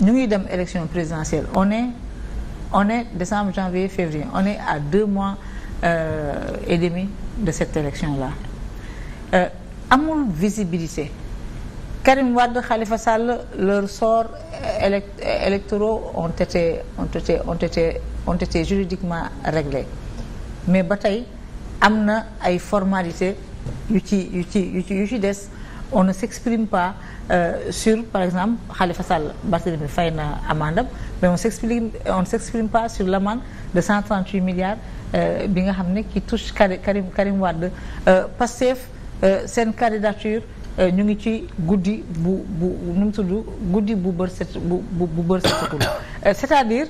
ñu ngi dem élection présidentielle on est on est décembre janvier février on est à deux mois euh, et demi de cette élection là euh, amul visibilité Karim Wade Khalifa Sall leur sort élect électoraux ont été ont été ont été ont été juridiquement réglés mais ba tey am na ay formalité yu ci yu ci yu ci yu ci des on ne s'exprime pas euh, sur par exemple Khalifa Sall Barthélémy fay na amendam mais on s'exprime on ne s'exprime pas sur man de 138 milliards euh, bi nga xam ne qui touche Karim Karim Wade euh, Pastef euh, seen candidature ñu ngi ci guddi bu bu nu mu tudd guddi bu bër set bu bu bër setatul c'est-à-dire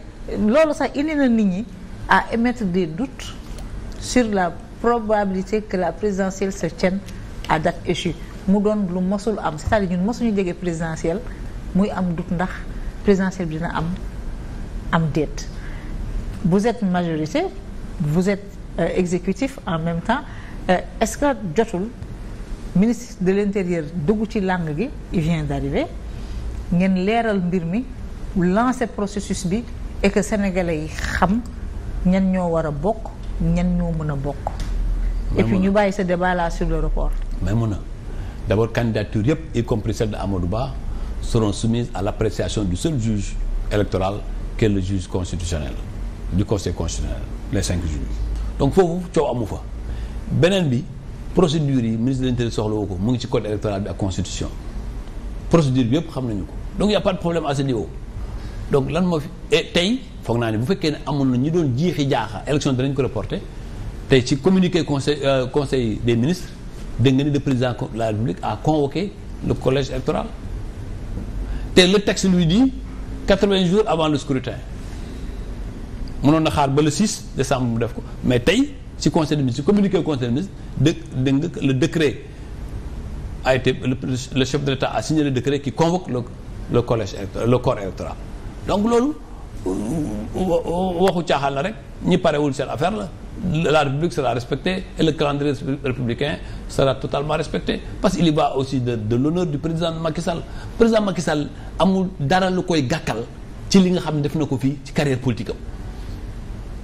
loolu sax indi na nit ñi à émettre des doutes sur la probabilité que la présidentielle se tienne à date échue mu doon lu mosul am c'est-à-dire ñun mosuñu jege présidentielle muy am dut ndax présidentielle bi dina am am déet vous êtes majorité vous êtes euh, en même temps euh, est-ce que jotul ministre de l'intérieur dugg ci langue gi il vient d'arriver ngeen leeral mbir mi lancer processus bi et que sénégalais yi xam ñan ñoo war a bokk ñan ñoo mën a bokk et puis ñu bàyyi ce débat là sur le report d'abord candidature yëpp y compris celle de Amadou Ba seront soumises à l'appréciation du seul juge électoral qui est le juge constitutionnel du conseil constitutionnel les cinq juges donc foofu coow amu fa beneen bi procédure yi ministre de l'intérieur soxla woo ko mu ngi ci code électoral bi ak constitution procédure bi yëpp xam nañu ko donc y a pas de problème à ce niveau donc lan moo fi tey foog naa ne bu fekkee ne amoon na ñu doon jiixi jaaxa élection danañ ko reporté tey ci communiqué conseil euh, conseil des ministres dégg nga ni le président de la République à convoqué le collège électoral te le texte lui dit quatre-vingts jours avant le scrutin mënoon na xaar ba le 6 décembre mu def ko mais tey ci conseil des ministres ci communiqué conseil des ministres dé dégg nga le décret a été le, le chef de l'État a signé le décret qui convoque le le collège le corps électoral donc loolu waxu caaxal la rek ñi parewul seen affaire la. la République sera respectée et le calendrier républicain sera totalement respecté parce qu'il y va aussi de de l'honneur du président Macky Sall président Macky amul dara lu koy gàkkal ci li nga xam ne def na ko fii ci carrière politique am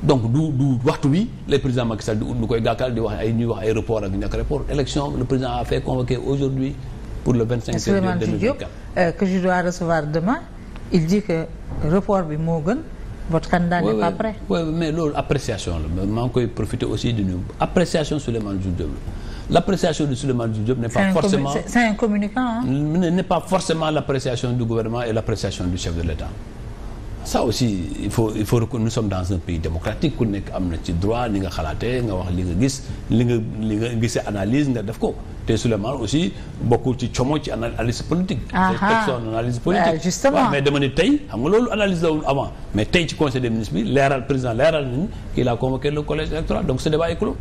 donc du du waxtu bi les président Macky Sall di ut lu koy gàkkal di wax ay ñuy wax ay report ak ñàkk report élection le président a fait convoquer aujourd'hui pour le 25 février 2024 euh, que je dois que report bi moo gën votre candidat n'est pas prêt. mais loolu appréciation la maa ngi koy profiter aussi di nuyu appréciation Souleymane Jules Diop la l' appréciation de Souleymane Jules Diop. n'est pas forcément l' appréciation du gouvernement et l' appréciation du chef de l' sa aussi il faut il faut que nous sommes dans un pays démocratique ku nekk am na ci droit ni nga xalaatee nga wax li nga gis li nga li nga gisee analyse nga def ko te Souleymane aussi bokkul ci como ci analyse politique. Ah c'est ah. personne analyse politique. justement mais dama ne tey xam nga loolu analyse la woon avant mais tey ci conseil des ministres leeral président leeral nañu qu'il a convoqué le collège électoral donc ce débat est clos.